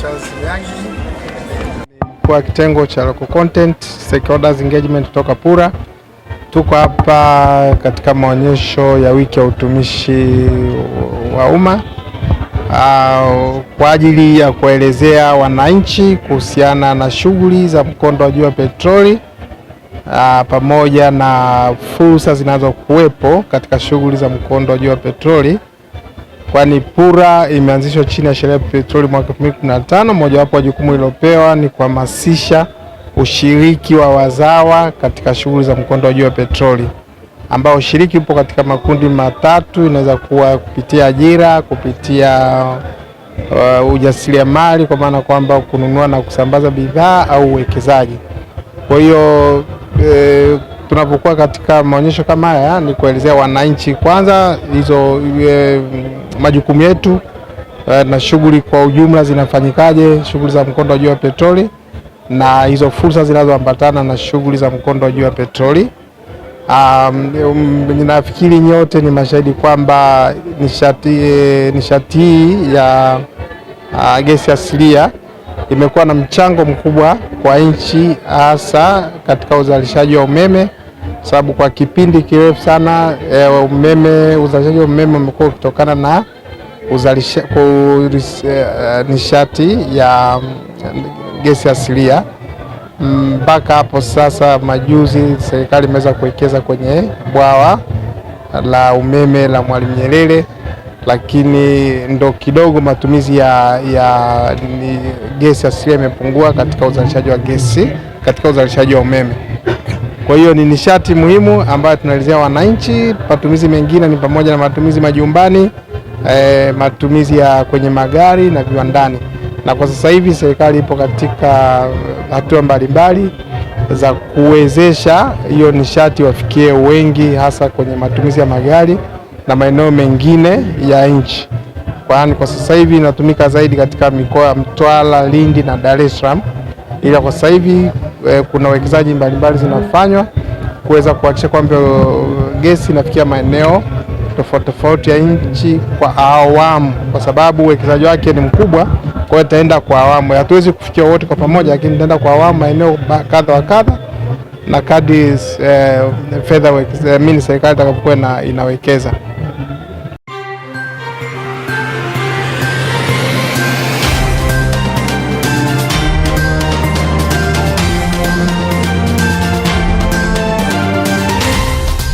Charles Myangi kwa kitengo cha local content stakeholders engagement kutoka Pura. Tuko hapa katika maonyesho ya wiki ya utumishi wa umma kwa ajili ya kuelezea wananchi kuhusiana na shughuli za mkondo wa juu wa petroli aa, pamoja na fursa zinazokuwepo katika shughuli za mkondo wa juu wa petroli kwani PURA imeanzishwa chini ya sheria ya petroli mwaka 2015. Mojawapo wa jukumu lilopewa ni kuhamasisha ushiriki wa wazawa katika shughuli za mkondo wa juu wa petroli, ambao ushiriki upo katika makundi matatu. Inaweza kuwa kupitia ajira, kupitia uh, ujasiriamali kwa maana kwamba kununua na kusambaza bidhaa au uwekezaji. Kwa hiyo eh, tunapokuwa katika maonyesho kama haya ni kuelezea wananchi kwanza hizo e, majukumu yetu e, na shughuli kwa ujumla zinafanyikaje, shughuli za mkondo wa juu wa petroli na hizo fursa zinazoambatana na shughuli za mkondo wa juu wa petroli. Um, um, ninafikiri nyote ni mashahidi kwamba nishati e, nishati hii ya uh, gesi asilia imekuwa na mchango mkubwa kwa nchi hasa katika uzalishaji wa umeme sababu kwa kipindi kirefu sana e, umeme uzalishaji wa umeme umekuwa ukitokana na uzalisha eh, nishati ya mm, gesi asilia mm, mpaka hapo sasa. Majuzi serikali imeweza kuwekeza kwenye bwawa la umeme la Mwalimu Nyerere, lakini ndo kidogo matumizi ya, ya gesi asilia imepungua katika uzalishaji wa gesi katika uzalishaji wa umeme. Kwa hiyo ni nishati muhimu ambayo tunalizia wananchi. Matumizi mengine ni pamoja na matumizi majumbani, e, matumizi ya kwenye magari na viwandani, na kwa sasa hivi serikali ipo katika hatua mbalimbali za kuwezesha hiyo nishati wafikie wengi, hasa kwenye matumizi ya magari na maeneo mengine ya nchi. Kwani kwa sasa hivi inatumika zaidi katika mikoa ya Mtwara, Lindi na Dar es Salaam, ila kwa sasa hivi eh, kuna uwekezaji mbalimbali zinafanywa kuweza kuhakikisha kwamba gesi inafikia maeneo tofauti tofauti ya nchi kwa awamu, kwa sababu uwekezaji wake ni mkubwa. Kwa hiyo itaenda kwa awamu, hatuwezi kufikia wote kwa pamoja, lakini itaenda kwa awamu maeneo kadha wa kadha, na kadi eh, fedha eh, mini serikali itakapokuwa inawekeza.